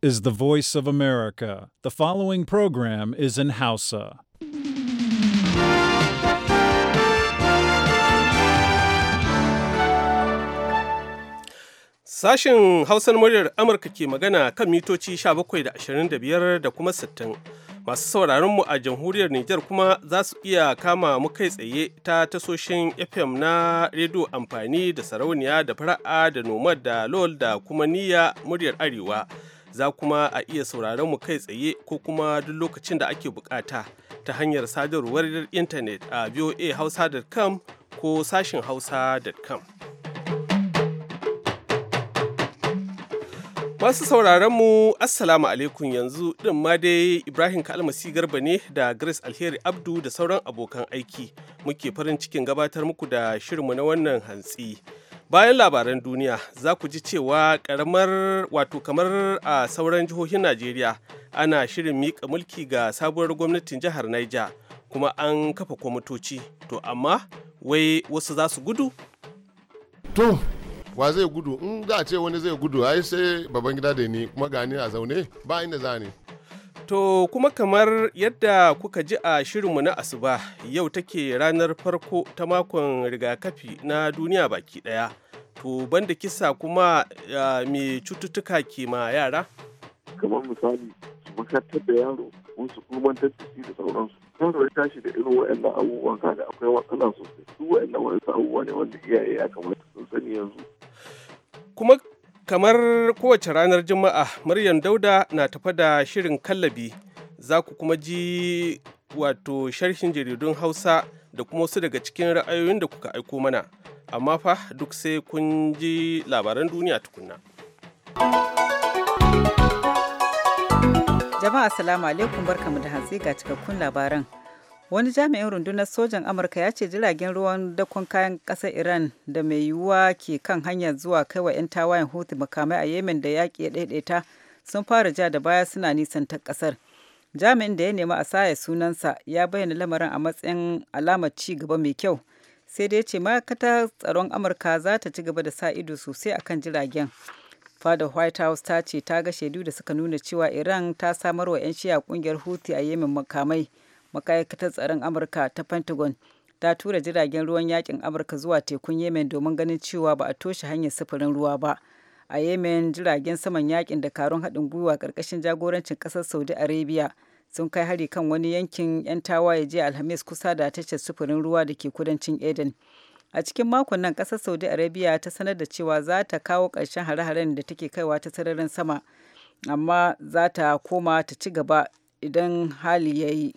is the voice of America. The following program is in Hausa. Sashen Hausan muryar Amurka ke magana kan mitoci 17.25 da da kuma 60. Masu sauraronmu a jamhuriyar Nijar kuma za su iya kama mu kai tsaye ta tasoshin FM na rediyo amfani da sarauniya da fara'a da nomad da lol da kuma niyya muryar Arewa. za kuma a iya sauraron mu kai tsaye ko kuma duk lokacin da ake bukata ta hanyar sadarwar intanet a voahausa.com ko sashin hausa.com. Masu sauraron mu Assalamu alaikum yanzu ɗin ma dai Ibrahim Kalmasi Garba ne da Grace Alheri Abdu da sauran abokan aiki muke farin cikin gabatar muku da shirinmu na wannan hantsi. bayan labaran duniya za ku ji cewa karamar wato kamar a sauran jihohin najeriya ana shirin miƙa mulki ga sabuwar gwamnatin jihar niger kuma an kafa kwamitoci to amma wai wasu za su gudu to wa zai gudu in za a ce wani zai gudu ai sai babban gida da ni kuma gani a zaune ba inda za ne To kuma kamar yadda kuka ji a shirinmu na asuba yau take ranar farko ta makon rigakafi na duniya baki daya. To banda kisa kuma me cututtuka ke ma yara? Kamar misali, su makarantar da yaro, wasu kurmantar da da sauransu. Kuma ya tashi da irin waɗannan abubuwan kada akwai matsala sosai. Su waɗannan wani abubuwa ne wanda iyaye ya kamata sun sani yanzu. Kuma kamar kowace ranar juma'a maryam dauda na tafa da shirin kallabi za ku kuma ji wato sharhin jaridun hausa da kuma wasu daga cikin ra'ayoyin da kuka aiko mana amma fa duk sai kun ji labaran duniya tukunna jama'a salamu alaikum barkamu da hantsi ga cikakkun labaran wani jami'in rundunar sojan amurka ya ce jiragen ruwan dakon kayan ƙasar iran da mai yiwuwa ke kan hanyar zuwa kai wa 'yan tawayen huti makamai a yemen da yaƙi ya ɗaiɗaita sun fara ja da baya suna nisan ta ƙasar jami'in da ya nemi a saya sunansa ya bayyana lamarin a matsayin alamar ci gaba mai kyau sai dai ce ma'aikatar tsaron amurka za ta ci gaba da sa ido sosai akan jiragen fada white house ta ce ta ga shaidu da suka nuna cewa iran ta samar wa 'yan shiya kungiyar huti a yemen makamai makayakatar tsaron amurka ta pentagon ta tura jiragen ruwan yakin amurka zuwa tekun yemen domin ganin cewa ba a toshe hanyar sufurin ruwa ba a yemen jiragen saman yakin da karon haɗin gwiwa karkashin jagorancin ƙasar saudi arabia sun kai hari kan wani yankin 'yan tawaye jiya alhamis kusa da tashar sufurin ruwa da ke kudancin eden a cikin makon nan ƙasar saudi arabia ta sanar da cewa za ta kawo ƙarshen hare-haren da take kaiwa ta sararin sama amma za ta koma ta ci gaba idan hali ya yi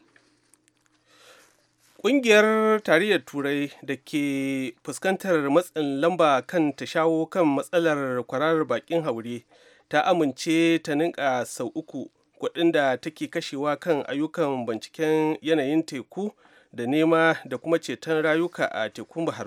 Ƙungiyar Tarayyar Turai da ke fuskantar matsin lamba kan ta shawo kan matsalar kwararar bakin haure ta amince ta ninka sau uku kuɗin da take kashewa kan ayyukan binciken yanayin teku da nema da kuma ceton rayuka a tekun Bahar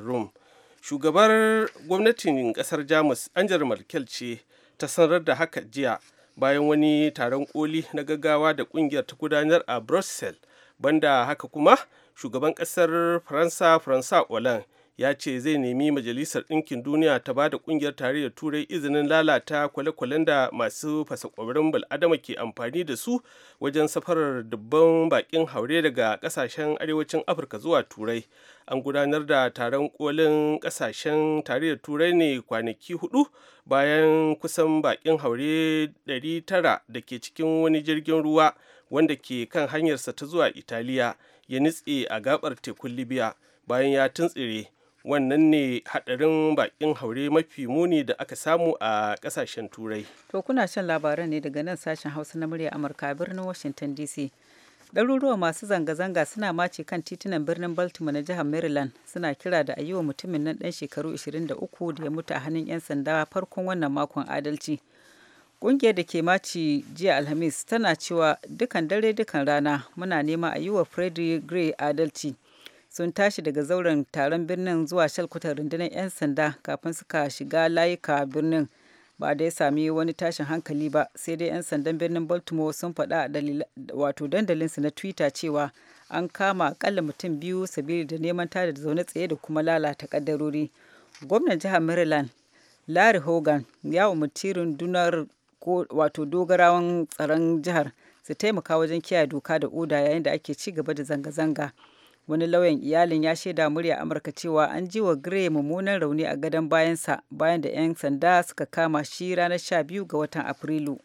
Shugabar gwamnatin ƙasar Jamus angel Merkel ce ta sanar da haka jiya bayan wani taron koli na gaggawa da ƙungiyar ta gudanar a Brussels. Banda haka kuma shugaban ƙasar faransa faransa olan ya ce zai nemi majalisar ɗinkin duniya ta ba da ƙungiyar tarayyar turai izinin lalata kwale-kwalen da masu fasakwarin bal'adama ke amfani da su wajen safarar dubban baƙin haure daga ƙasashen arewacin afirka zuwa turai an gudanar da taron kolin ƙasashen tarayyar turai ne kwanaki hudu bayan kusan baƙin haure 900 da ke cikin wani jirgin ruwa wanda ke kan hanyarsa ta zuwa italiya ya nitse a gabar tekun libya bayan ya tuntsire wannan ne hadarin bakin haure mafi muni da aka samu a kasashen turai to kuna shan labaran ne daga nan sashen hausa na murya amurka birnin washington dc ɗaruruwa masu zanga-zanga suna mace kan titunan birnin baltimore na jihar maryland suna kira da a yi wa mutumin nan ɗan shekaru 23 da ya mutu a hannun 'yan sanda farkon wannan makon adalci Ƙungiyar da ke maci jiya Alhamis tana cewa dukan dare dukan rana muna nema a yi wa Frederick Gray adalci. Sun tashi daga zauren taron birnin zuwa shalkutar rundunar 'yan sanda kafin suka shiga layuka birnin. Ba da ya sami wani tashin hankali ba sai dai 'yan sandan birnin Baltimore sun faɗa a wato dandalinsu na Twitter cewa an kama akalla mutum biyu sabili da neman tada da zaune tsaye da kuma lalata kaddarori. Gwamnan jihar Maryland Larry Hogan ya umarci rundunar wato dogarawan tsaron jihar su taimaka wajen kiyaye doka da oda yayin da ake ci gaba da zanga-zanga wani lauyan iyalin ya shaida murya amurka cewa an ji wa gray mummunan rauni a gadon bayansa bayan da 'yan sanda suka kama shi ranar 12 ga watan afrilu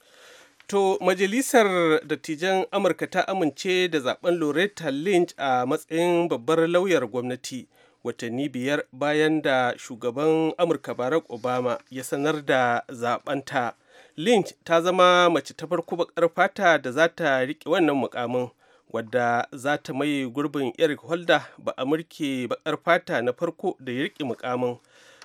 To majalisar dattijan Amurka ta amince da zaben Loretta Lynch a matsayin babbar lauyar gwamnati watanni biyar bayan da shugaban Amurka Barack Obama ya sanar da zabanta. lynch ta zama mace ta farko bakar fata da za ta riƙe wannan mukamin wadda za ta maye gurbin eric holder ba mulki bakar fata na farko da ya riƙe mukamin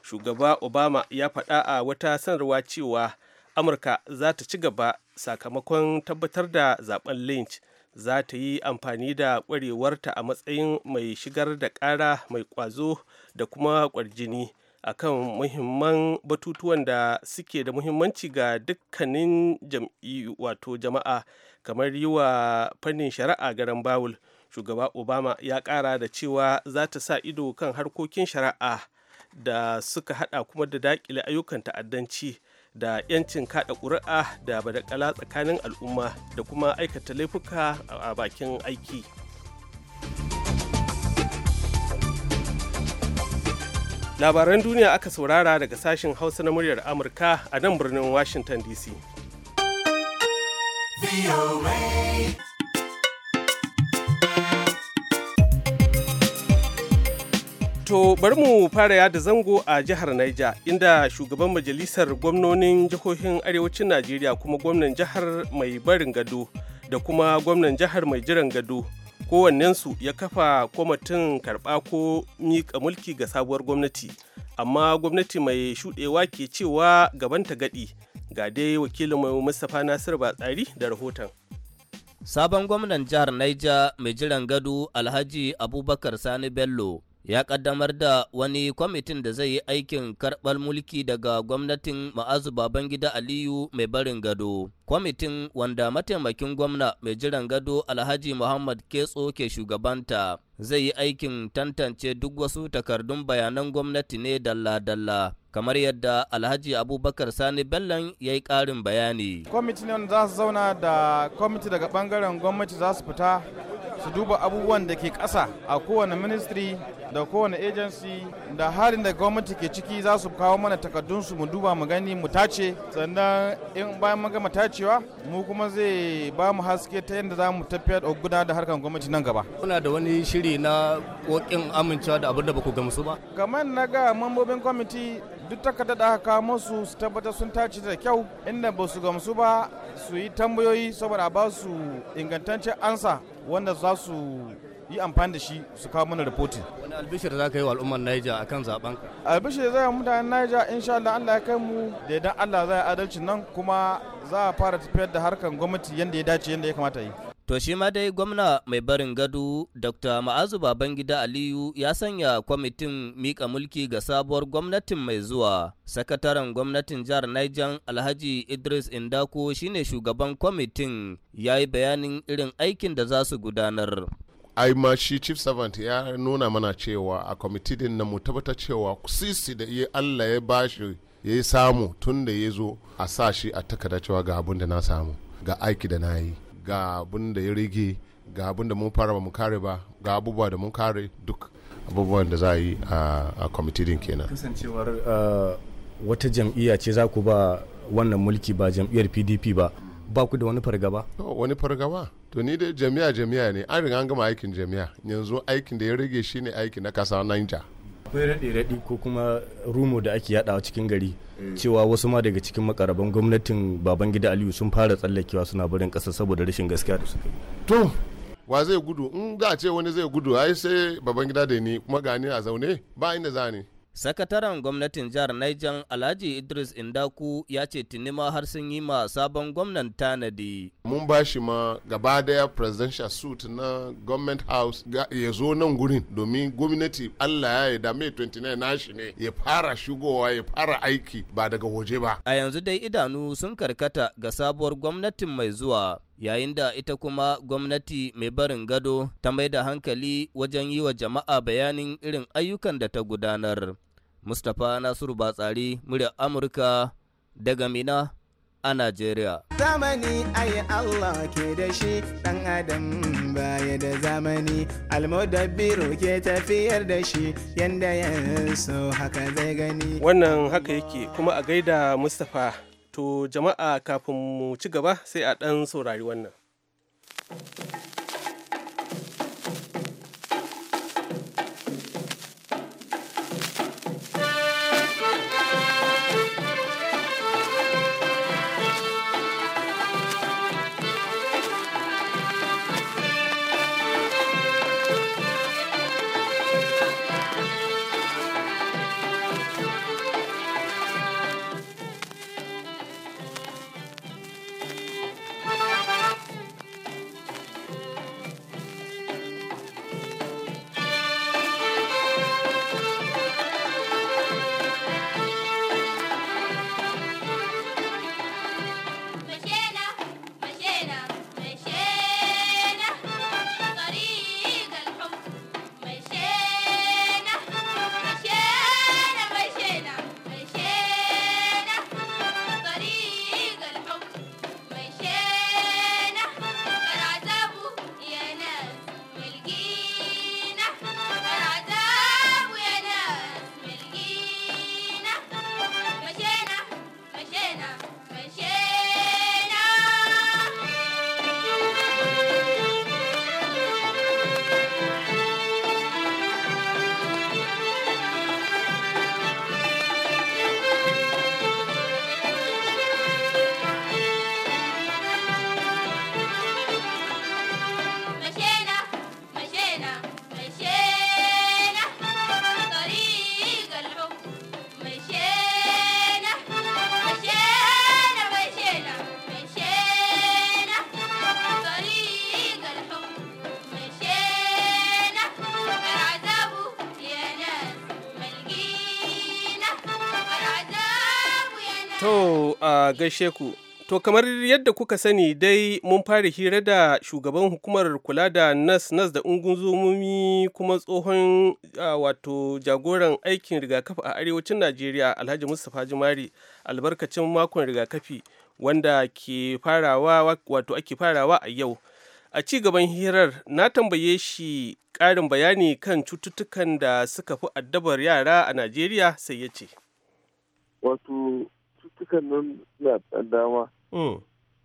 shugaba obama ya faɗa a wata sanarwa cewa amurka za ta ci gaba sakamakon tabbatar da zaben lynch za ta yi amfani da ƙwarewarta a matsayin mai shigar da ƙara mai ƙwazo da kuma ƙwarjini akan muhimman batutuwan da suke da muhimmanci ga dukkanin wato jama'a kamar yi wa fannin shari'a garan bawul shugaba obama ya kara da cewa za ta sa ido kan harkokin shari'a da suka hada kuma da daƙile ayyukan ta'addanci da 'yancin kada ƙuri'a da badakala tsakanin al'umma da kuma aikata laifuka a bakin aiki. labaran duniya aka saurara daga sashen hausa na muryar amurka a nan birnin washington dc To bari mu fara yada zango a jihar Niger inda shugaban majalisar gwamnonin jihohin arewacin Najeriya kuma gwamnan jihar mai barin gado da kuma gwamnan jihar mai jiran gado kowannensu ya kafa kwamitin karɓa ko miƙa mulki ga sabuwar gwamnati amma gwamnati mai shuɗewa ke cewa gabanta gaɗi ga dai wakilin mai mustapha nasir batsari da rahoton sabon gwamnan jihar niger mai jiran gado alhaji abubakar sani bello ya kaddamar da wani kwamitin da zai yi aikin karɓar mulki daga gwamnatin ma'azu babangida aliyu mai barin gado kwamitin wanda mataimakin gwamna mai jiran gado alhaji muhammad ketso ke shugabanta zai yi aikin tantance duk wasu takardun bayanan gwamnati ne dalla-dalla kamar yadda alhaji abubakar sani bellan ya yi ƙarin bayani Kwamitin ne za su zauna da kwamiti daga bangaren gwamnati za su fita su duba abubuwan da ke ƙasa a kowane ministry da kowane agency da halin da gwamnati ke ciki za su kawo mana takardunsu mu duba mu gani mu tace sannan in bayan mun gama tacewa mu kuma zai ba mu haske ta yadda za mu tafiya da guda da harkar gwamnati nan gaba. Kuna da wani shiri na kokin amincewa da abin ba ku gamsu ba? Kamar na ga mambobin kwamiti duk takardar da aka kawo musu su tabbatar sun tace da kyau inda ba su gamsu ba su yi tambayoyi saboda ba su ingantaccen ansa wanda za su yi amfani da shi su kawo mana rahoton. Wani albishir za ka yi wa al'ummar Niger kan zaben? Albishir zai mu mutanen Niger sha Allah Allah ya kai mu da idan Allah za ya adalci nan kuma za a fara tafiyar da harkar gwamnati yadda ya dace yadda ya kamata yi. To shi ma dai gwamna mai barin gado Dr. Ma'azu Babangida Aliyu ya sanya kwamitin mika mulki ga sabuwar gwamnatin mai zuwa. Sakataren gwamnatin jihar Niger Alhaji Idris Indako shine shugaban kwamitin ya yi bayanin irin aikin da za su gudanar. ai ma shi chief servant ya nuna mana cewa a kwamiti din na mu tabbatar cewa sisi da iya allah ya bashi ya yi samu tun da ya zo a sa shi a takarda cewa ga abin da na samu ga aiki da na yi ga abin da ya rage ga abin da mun fara ba mu kare ba ga abubuwa da mun kare duk abubuwan da za a yi a kwamiti din kenan kasancewar uh, wata jam'iyya ce za ku ba wannan mulki ba jam'iyyar pdp ba ba ku da wani fargaba oh, wani fargaba to ni dai jami'a jami'a ne an riga an gama aikin jami'a yanzu aikin da ya rage shi shine aiki na kasa nanja akwai raɗe raɗe ko kuma rumo da ake a cikin gari cewa wasu ma daga cikin makaraban gwamnatin babangida aliyu sun fara tsallakewa suna barin ƙasa saboda rashin gaskiya da suka to wa zai gudu in za a ce wani zai gudu ai sai babangida da ni kuma gani a zaune ba inda za ni Sakataren gwamnatin jihar Niger Alhaji Idris Indaku ya ce tinima har sun yi ma sabon gwamnan tanadi. Mun ba shi ma gaba daya presidential suit na government house ya zo nan gurin domin gwamnati Allah ya yi da mai 29 nashi ne ya fara shigowa ya fara aiki ba daga waje ba. A yanzu dai idanu sun karkata ga sabuwar gwamnatin mai zuwa. yayin da ita kuma gwamnati mai barin gado ta mai da hankali wajen yi wa jama'a bayanin irin ayyukan da ta gudanar. Mustapha Nasiru Batsari murya Amurka daga Mina a Najeriya. Zamani ayi Allah ke da shi ɗan adam baya da zamani almodabiru ke tafiyar da shi yanda ya so haka zai gani. Wannan haka yake kuma a gaida Mustapha to jama'a kafin mu ci gaba sai a ɗan saurari wannan. To a gaishe ku. To kamar yadda kuka sani dai mun fara hira da shugaban hukumar kula da nas nas da ungunzomomi kuma tsohon wato jagoran aikin rigakafi a arewacin Najeriya Alhaji Mustapha Jumari albarkacin makon rigakafi wanda ke farawa wato ake farawa a yau. A ci gaban hirar na tambaye shi ƙarin bayani kan cututtukan da suka fi addabar yara a Najeriya sai ya ce. Wato cututtukan nan na ɗan dama mm.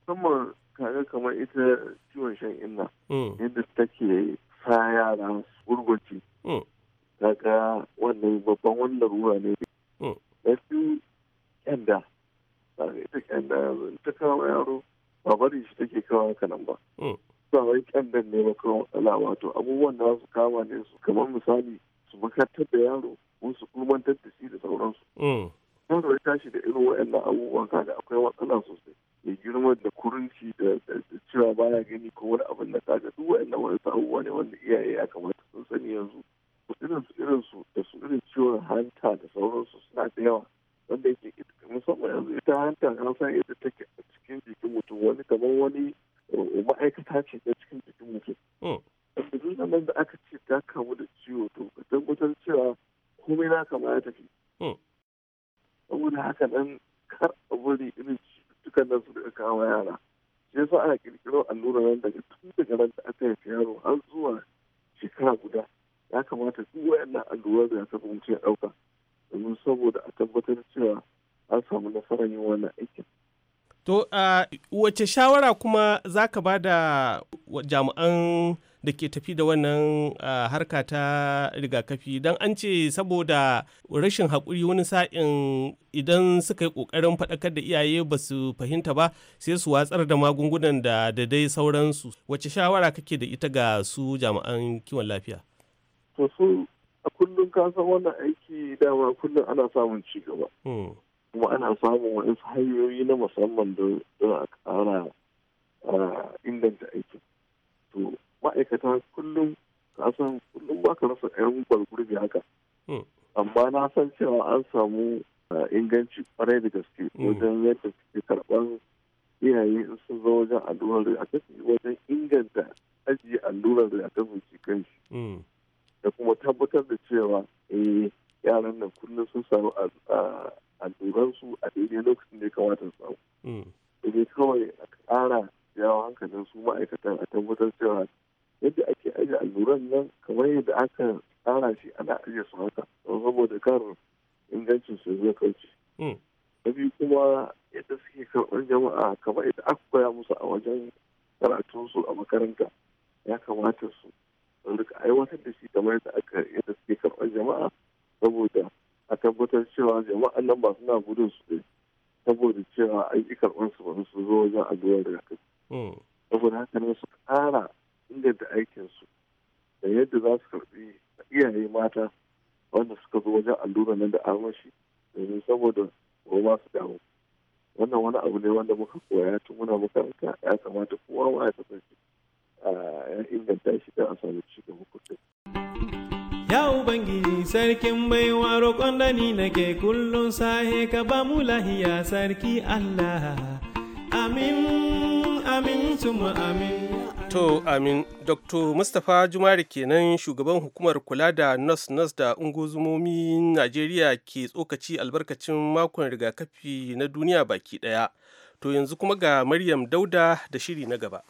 musamman kaga kamar ita ciwon shan inna mm. yadda take sa yara gurgurci mm. kaga wannan babban wannan ruwa ne da fi ita kyanda ta kawo yaro ba bari shi take kawo haka nan ba ba wai kyandan ne ba kawo matsala wato abubuwan da su kama ne su kamar misali su bukatar da yaro ko su kulmantar da da sauransu wanda ya tashi da irin waɗannan abubuwan kaga akwai matsala sosai ya girma da kurunci da cewa baya gani ko wani abin da kaga duk waɗannan wani abubuwa ne wanda iyaye ya kamata sun sani yanzu irin su irin su da su irin ciwon hanta da sauransu suna da yawa wanda yake musamman yanzu ita hanta an san yadda take a cikin jikin mutum wani kamar wani eh, ma'aikata ce ta cikin jikin mutum. Hmm. Wanda duk nan da aka ce ta kamu da ciwo to ka tabbatar cewa komai na kama ya tafi. Hmm. saboda haka nan kar a bari irin cututtukan nan su da kawo yara shi yasa ana kirkiro allura nan daga tun daga ran da aka haifi yaro har zuwa shekara guda ya kamata duk wayannan allurar da ta mutum ya ɗauka domin saboda a tabbatar cewa an samu nasarar yin wannan aikin. To, wace shawara kuma zaka ka ba da jami'an da ke tafi da wannan harka ta rigakafi don an ce saboda rashin haƙuri wani sa'in idan suka yi ƙoƙarin faɗakar da iyaye ba su fahimta ba sai su watsar da magungunan da da dai sauransu wace shawara kake da ita ga su jami'an kiwon lafiya to su a kullum ka san wannan aiki dama kullum ana samun ci gaba hmm. kuma ana samun waɗansu hanyoyi na musamman don a ƙara inganta aiki to ma'aikata kullum kasan kullum ba ka rasa yan gurbi haka hmm. amma na san cewa an samu eh, inganci kwarai da gaske hmm. wajen yadda suke karɓar iyaye in sun zo wajen allurar rigakafi wajen inganta ajiye allurar rigakafin shi hmm. da kuma tabbatar da cewa eh yaran nan kullum sun samu alluransu a daidai lokacin da ya kamata su samu. Idan kawai a ƙara yawon hankalin su ma'aikatan a tabbatar kamar da aka tsara shi ana ajiye su haka saboda kar ingancin su zai kauce. Hmm. Na biyu kuma yadda suke karɓar jama'a kamar yadda aka koya musu a wajen karatunsu a makaranta ya kamata su rika aiwatar da shi kamar yadda aka yadda suke karɓar jama'a saboda a tabbatar cewa jama'an nan ba suna gudun su saboda cewa an yi karɓar su ba su zo wajen da kai. Hmm. Saboda haka ne su ƙara inganta aikinsu da yadda za su karɓi iyaye mata wanda suka zo wajen allura nan da armashi domin saboda ba su damu wannan wani abu ne wanda muka koya tun muna makaranta ya kamata kowa ma ya kasance ya inganta shi don a samu ci gaba kuɗi. Ya Ubangiji sarkin baiwa roƙon da ni nake kullum sahe ka ba mu lahiya sarki Allah. Amin, amin, tuma amin. To amin Dr. Mustapha Jumari kenan shugaban hukumar kula da nas nas da ungozumomin Najeriya ke tsokaci albarkacin makon rigakafi na duniya baki ɗaya, To yanzu kuma ga Maryam Dauda da shiri na gaba.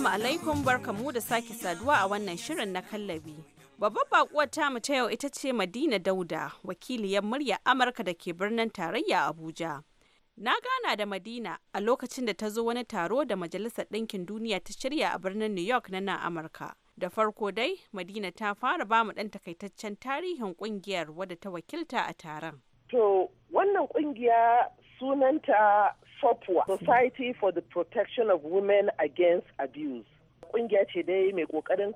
Assalamu alaikum barkamu da sake saduwa a wannan shirin na kallabi. Babbar bakuwar tamu ta yau ita ce Madina Dauda, wakiliyar murya Amurka da ke birnin tarayya Abuja. Na gana da Madina a lokacin da ta zo wani taro da Majalisar Ɗinkin Duniya ta shirya a birnin New York na nan Amurka. Da farko dai, Madina ta fara ba mu ɗan takaitaccen tarihin ƙungiyar wadda ta wakilta a taron. To, wannan ƙungiya sunanta SOPWA, Society for the Protection of Women Against Abuse. Ƙungiya ce dai mai ƙoƙarin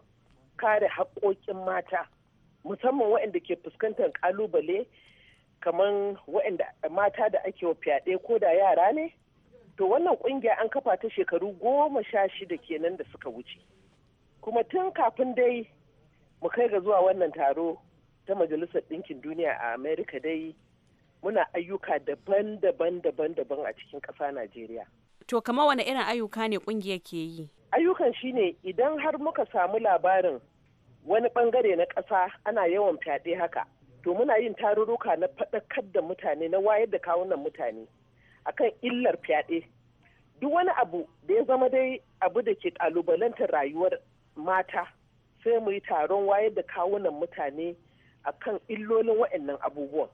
kare haƙoƙin mata, musamman waɗanda ke fuskantar ƙalubale kamar waɗanda mata da ake wa fyaɗe ko da yara ne. To wannan ƙungiya an kafa ta shekaru goma sha shida kenan da suka wuce. Kuma tun kafin dai mu kai ga zuwa wannan taro ta Majalisar Ɗinkin Duniya a Amerika dai muna ayyuka daban-daban daban-daban a cikin ƙasa Najeriya. To kama wani irin ayyuka ne ƙungiyar ke yi? Ayyukan shi ne idan har muka samu labarin wani bangare na ƙasa ana yawan fyaɗe haka. To muna yin tarurruka na faɗakar da mutane na wayar da kawunan mutane akan illar fyaɗe. Duk wani abu da ya zama dai abu da ke ƙalubalantar rayuwar mata sai mu yi taron wayar da kawunan mutane akan illolin waɗannan abubuwan.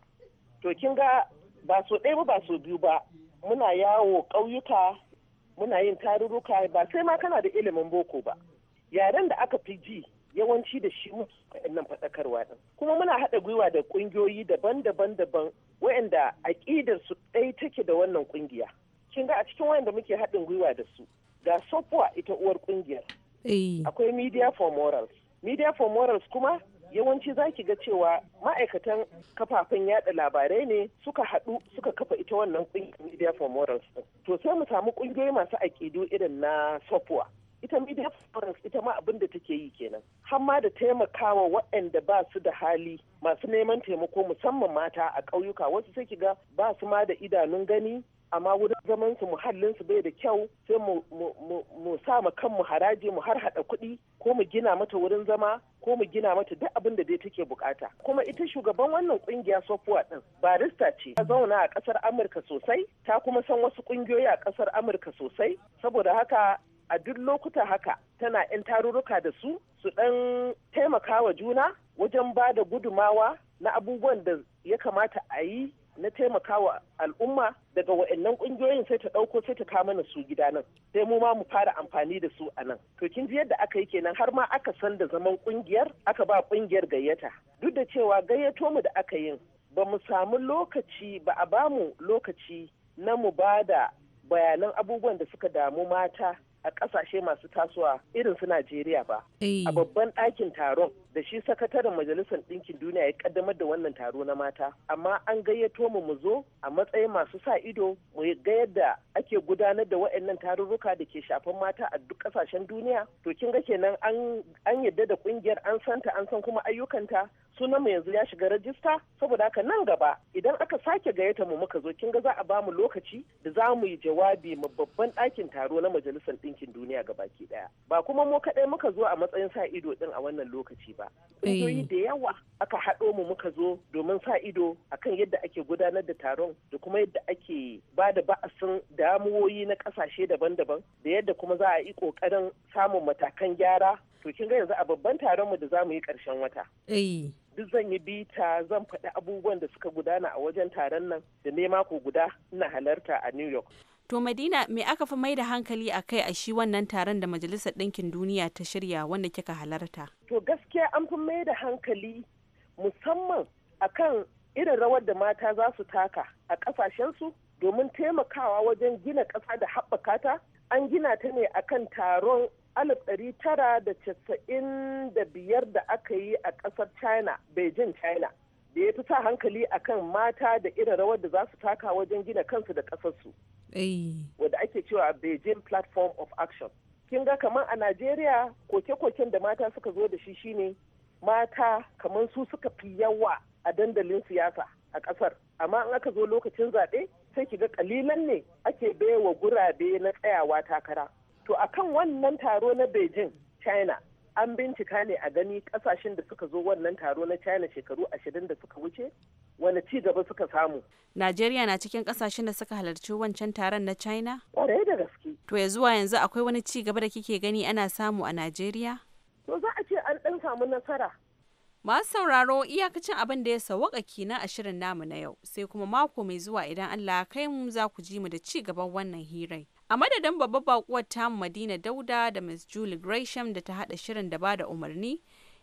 to kin ga ba so ɗaya ba ba so biyu ba muna yawo ƙauyuka muna yin tarurruka ba sai ma kana da ilimin boko ba yaren da aka fi ji yawanci da shi nan faɗakarwa ɗin kuma muna haɗa gwiwa da ƙungiyoyi daban-daban daban waɗanda aƙidar su ɗaya take da wannan ƙungiya kin ga a cikin waɗanda muke haɗin gwiwa da su ga sofuwa ita uwar ƙungiyar eh. akwai media for morals media for morals kuma yawanci za ki ga cewa ma'aikatan kafafen yada labarai ne suka haɗu suka kafa ita wannan ƙungiyar media for morals to sai mu samu ƙungiyoyi masu aƙidu irin na sofuwa ita media morals ita ma abin da take yi kenan har ma da taimakawa waɗanda ba su da hali masu neman taimako musamman mata a ƙauyuka wasu sai ki ga ba su ma da idanun gani amma wurin zaman su muhallin su bai da kyau sai mu sa mu kanmu haraji mu har hada kuɗi ko mu gina mata wurin zama ko mu gina mata duk abin da dai take bukata kuma ita shugaban wannan kungiya software din barista ce ta zauna a kasar amurka sosai ta kuma san wasu kungiyoyi a kasar amurka sosai saboda haka a duk lokuta haka tana 'yan tarurruka da su su dan taimaka wa juna wajen ba da gudumawa na abubuwan da ya kamata a yi na taimakawa al'umma daga wa'annan ƙungiyoyin sai ta ɗauko sai ta kawo mana su gida nan sai mu ma mu fara amfani da su a nan to kin ji yadda aka yi kenan har ma aka san da zaman ƙungiyar aka ba ƙungiyar gayyata duk da cewa gayyato mu da aka yin ba mu samu lokaci ba a ba mu lokaci na mu ba da bayanan abubuwan da suka damu mata a ƙasashe masu tasowa irin su Najeriya ba. Eh. A babban ɗakin taron da shi sakataren Majalisar Ɗinkin Duniya ya ƙaddamar da wannan taro na mata. Amma an gayyato mu mu zo a matsayin masu sa ido mu ga yadda ake gudanar da waɗannan tarurruka da ke shafan mata a duk ƙasashen duniya. To kin ga kenan an yadda da ƙungiyar an santa an san kuma ayyukanta sunan mu yanzu ya shiga rajista saboda haka nan gaba idan aka sake gayyata mu muka zo kin ga za a ba mu lokaci da za mu yi jawabi ma babban ɗakin taro na majalisar ɗinkin duniya ga baki ɗaya ba kuma mu kaɗai muka zo a matsayin sa ido ɗin a wannan lokaci ba ƙungiyoyi eh. da yawa aka haɗo mu muka zo domin sa ido akan yadda ake gudanar da taron da kuma yadda ake ba da ba'asin damuwoyi na ƙasashe daban-daban da yadda kuma za a yi ƙoƙarin samun matakan gyara to kin ga yanzu a babban taron mu da za mu yi ƙarshen wata duk zan yi bita zan faɗi abubuwan da suka gudana a wajen taron nan da ne mako guda ina halarta a new york to madina me aka fi mai da hankali a kai a shi wannan taron da majalisar ɗinkin duniya ta shirya wanda kika halarta to gaskiya an fi mai da hankali musamman akan irin rawar da mata za su taka a ƙasashensu domin taimakawa wajen gina ƙasa da haɓaka ta an gina ta ne akan taron 1995 da aka yi a ƙasar china beijing china da ya fi sa hankali akan mata da irin rawar da za su taka wajen gina kansu da ƙasarsu wadda ake cewa beijing platform of action kin ga kamar a najeriya koke-koken da mata suka zo da shi shine mata kamar su suka fi yawa a dandalin siyasa a ƙasar amma in aka zo lokacin zaɓe sai ki ga ƙalilan ne ake baiwa gurabe na tsayawa takara to akan wannan taro na beijing china an bincika ne a gani kasashen da suka zo wannan taro na china shekaru ashirin da suka wuce wani ci gaba suka samu najeriya na cikin kasashen da suka halarci wancan taron na china kwarai da gaske to ya zuwa yanzu akwai wani ci gaba da kike gani ana samu a najeriya to za a ce an ɗan samu nasara Masu sauraro iyakacin abin da ya sawaka kina a shirin namu na yau sai kuma mako mai zuwa idan Allah kai mu za ku ji mu da ci gaban wannan hirai. A madadin babbar bakuwar tamu Madina Dauda da Ms. Julie Gresham da ta haɗa shirin da bada umarni,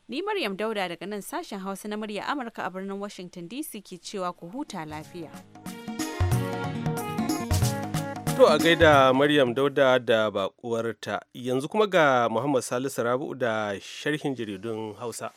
ni Maryam Dauda daga nan sashen Hausa na murya Amurka a birnin Washington DC ke cewa ku huta lafiya. To a gaida Maryam Dauda da bakuwarta yanzu kuma ga Muhammad Salisu rabu da sharhin jaridun Hausa.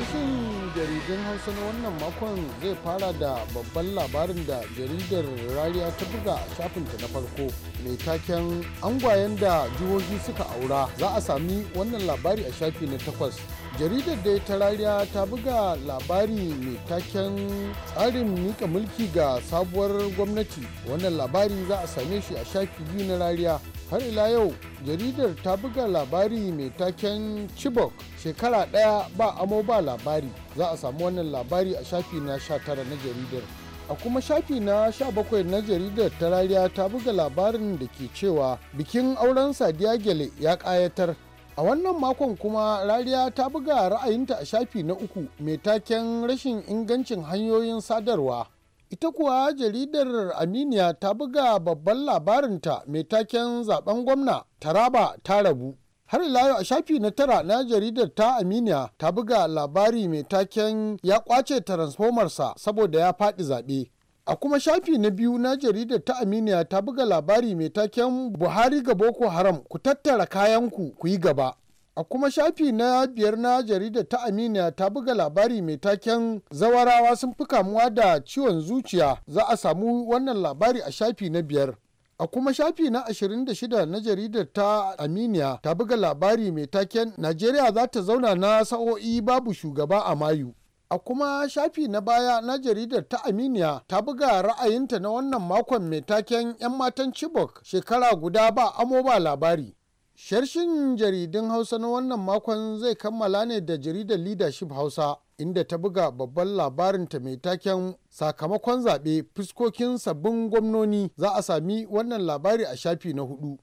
karshen jaridun Hausa na wannan makon zai fara da babban labarin da jaridar Rariya ta buga shafinta na farko mai taken angwayen da jihohi suka aura za a sami wannan labari a shafi na takwas. Jaridar dai ta Rariya ta buga labari mai taken tsarin mika mulki ga sabuwar gwamnati wannan labari za a same shi a shafi biyu na Rariya har ila yau jaridar ta buga labari mai taken chibok shekara ɗaya ba amo ba labari za a samu wannan labari a shafi na 19 na jaridar a kuma shafi na bakwai na jaridar ta rariya ta buga labarin da ke cewa bikin auren sadiya gele ya kayatar, a wannan makon kuma rariya ta buga ra'ayinta a shafi na uku mai taken rashin ingancin hanyoyin sadarwa ita kuwa jaridar aminiya ta buga babban labarinta mai taken zaben gwamna taraba ta rabu har ila yau a shafi na tara na jaridar ta aminiya ta buga labari mai taken ya kwace transformarsa saboda ya faɗi zaɓe a kuma shafi na biyu na jaridar ta aminiya ta buga labari mai taken buhari ga boko haram ku tattara kayanku ku yi gaba a kuma shafi na biyar na jaridar ta aminiya ta buga labari mai taken zawarawa sun fi kamuwa da ciwon zuciya za a samu wannan labari a shafi na biyar a kuma shafi na 26 na jaridar ta aminiya ta buga labari mai taken najeriya za ta zauna na sa'o'i babu shugaba a mayu a kuma shafi na baya na jaridar ta aminiya ta buga ra'ayinta na wannan makon mai taken 'yan matan chibok shekara guda ba amo ba labari Sharshin jaridun Hausa na wannan makon zai kammala ne da jaridar Leadership Hausa inda ta buga babban labarinta mai taken sakamakon zaɓe fuskokin sabbin gwamnoni za a sami wannan labari a shafi na hudu.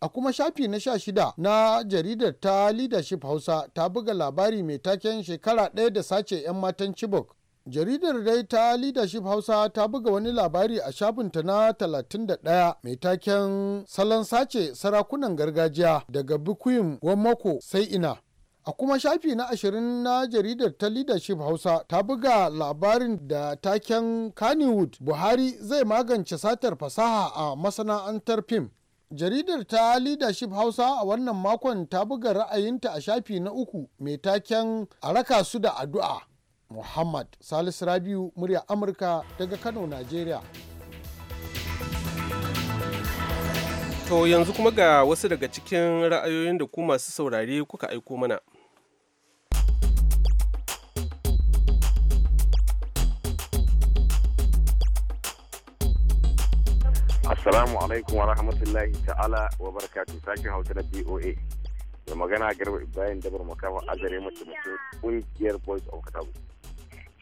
A kuma shafi na sha shida na jaridar ta Leadership Hausa ta buga labari mai taken shekara ɗaya da sace 'yan matan Chibok jaridar dai ta leadership hausa ta buga wani labari a shafinta na 31 mai taken salon sace sarakunan gargajiya daga bikuyin mako sai ina a kuma shafi na ashirin na jaridar ta leadership hausa ta buga labarin da taken kannywood buhari zai magance satar fasaha a masana'antar fim jaridar ta leadership hausa a wannan makon ta buga ra'ayinta a shafi na uku mai taken a raka su da addu'a Muhammad Salisu Rabiu murya Amurka daga Kano, Najeriya. To yanzu kuma ga wasu daga cikin ra'ayoyin da ku masu saurare kuka aiko mana. asalamu alaikum wa rahmatullahi ta'ala wa barakatu sakin hausa na DOA. Da magana garba Ibrahim Dabar Makafa gare mace mace kungiyar Boys of Katagu.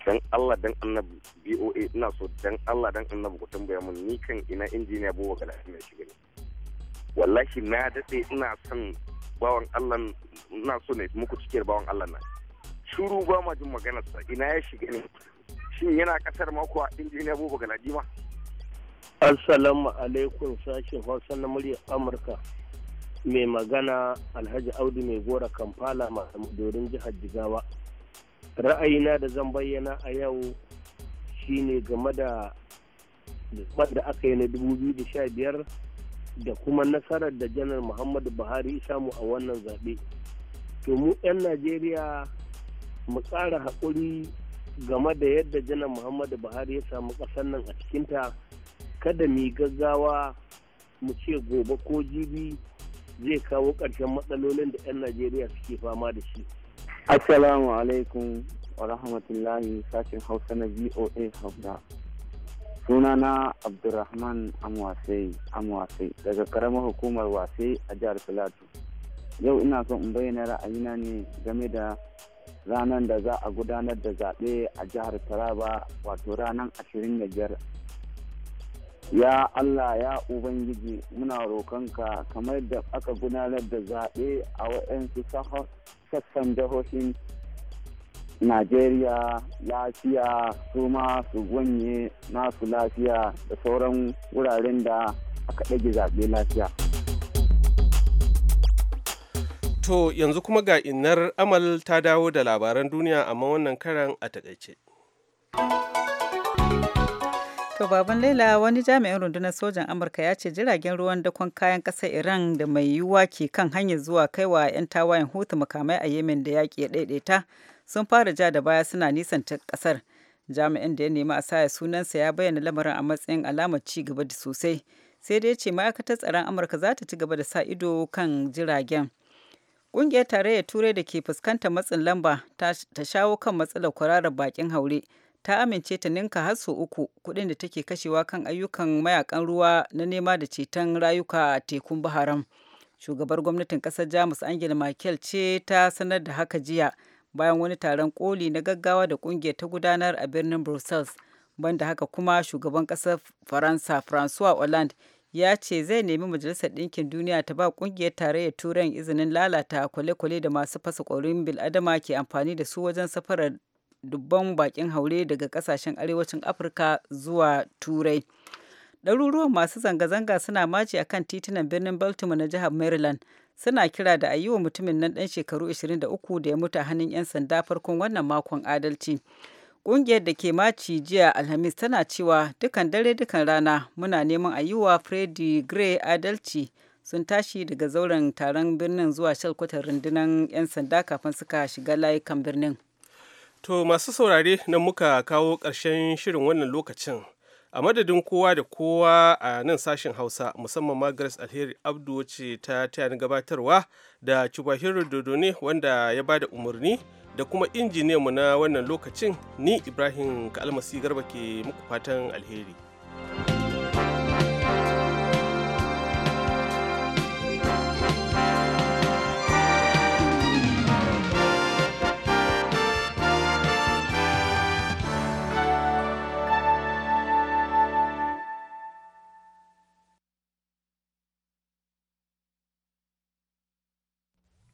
dan Allah dan annabi BOA ina so dan Allah dan annabi ku tambaya mun ni kan ina injiniya Buwa Gala ina shiga ne wallahi na dade ina son bawan Allah ina so ne muku cikin bawan Allah na shuru ba ma jin magana sa ina ya shiga ne shin yana kasar ma kuwa injiniya Buwa Gala ma Assalamu alaikum sashin Hausa na muryar Amurka mai magana Alhaji Audu mai gora Kampala masu dorin jihar Jigawa ra'ayina da zan bayyana a yau shine game da da aka yi na 2015 da kuma nasarar da janar muhammadu buhari samu a wannan zaɓe to mu 'yan najeriya mu tsara haƙuri game da yadda janar muhammadu buhari ya samu ƙasar nan a cikinta kada mu yi gaggawa mu ce gobe ko jibi zai kawo ƙarshen matsalolin da 'yan najeriya suke fama da shi Assalamu alaikum wa rahmatullahi sashen Hausa na VOA Hausa. Sunana Abdulrahman Amwasai Amwasai daga karamar hukumar Wasai a jihar Filato. Yau ina son in bayyana ra'ayina ne game da ranar da za a gudanar da zaɓe a jihar Taraba wato ranar 25 Ya Allah ya Ubangiji muna rokonka kamar da aka gudanar da zaɓe a waɗansu sassan jihohin Najeriya lafiya su ma su gwanye nasu lafiya da sauran wuraren da aka ɗage zaɓe lafiya. To yanzu kuma ga innar amal ta dawo da labaran duniya amma wannan karan a taƙaice. To baban Laila wani jami'in rundunar sojan Amurka ya ce jiragen ruwan dakon kayan ƙasar Iran da mai yiwuwa ke kan hanyar zuwa kaiwa 'yan tawayen hutu makamai a Yemen da yaƙi ya ɗaiɗaita sun fara ja da baya suna nisan ta ƙasar. Jami'in da ya nemi a saya sunansa ya bayyana lamarin a matsayin alamar ci gaba da sosai. Sai dai ce ma'aikatar tsaron Amurka za ta ci gaba da sa ido kan jiragen. Ƙungiyar tarayyar Turai da ke fuskantar matsin lamba ta shawo kan matsalar kwararar bakin haure. ta amince ta ninka har sau uku kuɗin da take kashewa kan ayyukan mayakan ruwa na nema da ceton rayuka a tekun baharam shugabar gwamnatin ƙasar jamus angela merkel ce ta sanar da haka jiya bayan wani taron koli na gaggawa da ƙungiyar ta gudanar a birnin brussels banda haka kuma shugaban ƙasar faransa francois hollande ya ce zai nemi majalisar ɗinkin duniya ta ba ƙungiyar tarayyar turai izinin lalata kwale-kwale da masu fasa ƙwarin bil'adama ke amfani da su wajen safarar dubban bakin haure daga kasashen arewacin afirka zuwa turai ɗaruruwan masu zanga-zanga suna maci akan titunan birnin baltimore na jihar maryland suna kira da a yi wa mutumin nan dan shekaru 23 da ya mutu a hannun 'yan sanda farkon wannan makon adalci ƙungiyar da ke maci jiya alhamis tana cewa dukan dare dukan rana muna neman a yi wa freddy gray adalci sun tashi daga zauren taron birnin zuwa shalkwatar rundunar 'yan sanda kafin suka shiga layukan birnin To masu saurare nan muka kawo ƙarshen shirin wannan lokacin. A madadin kowa da kowa a nan sashen Hausa musamman ma Grace Alheri Abdu wacce ta taya ni gabatarwa da Chubahiro Dodone wanda ya ba da umarni da kuma injiniyanmu na wannan lokacin ni Ibrahim Kalmasi Garba ke muku fatan alheri.